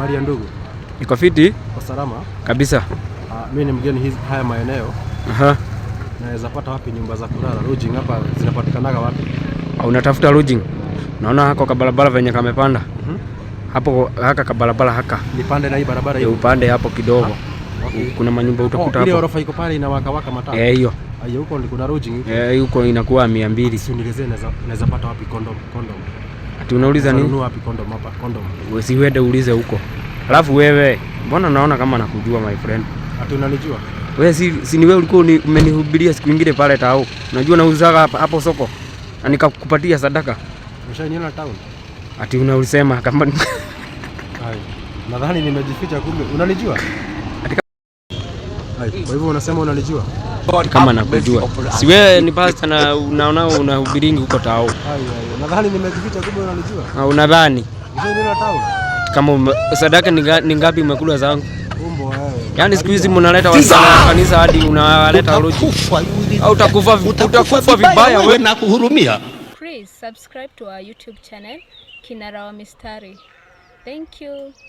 Habari ya ndugu, niko fiti kwa salama kabisa. Ah, mimi ni mgeni hizi haya maeneo Aha. Naweza pata wapi nyumba za kulala lodging hapa zinapatikanaga wapi? Au ah, unatafuta lodging? Naona hako kabarabara venye kamepanda uh Hapo haka kabarabara haka nipande na hii barabara hiyo upande hapo kidogo ah, Okay. Kuna manyumba oh, utakuta hapo. Ile orofa iko pale inawaka waka mataa. Eh, hiyo huko ndiko na lodging. Eh, huko inakuwa 200. Sio, Siunielezee naweza pata wapi kondom kondom ati unauliza nini? Ununua wapi condom hapa? Condom. Wewe si uende ulize huko. Alafu wewe, mbona naona kama nakujua my friend? Ati unanijua? Wewe si si ni wewe ulikuwa umenihubiria siku nyingine pale tao. Unajua nauza hapa hapo soko. Na nikakupatia sadaka. Ushaniona town? Ati unaulisema kama Nadhani nimejificha kumbe. Unanijua? Kwa hivyo unasema unalijua? Kama nakujua. Si wewe ni pasta na unaona unahubiringi huko tao. Nadhani nimekificha kumbe unalijua. Ah, unadhani? Kama sadaka ni ngapi umekula zangu? Eh. Yaani siku hizi mnaleta watu wa kanisa hadi unaleta uroji. Au utakufa utakufa vibaya wewe na kuhurumia. Please subscribe to our YouTube channel Kinara wa Mistari. Thank you.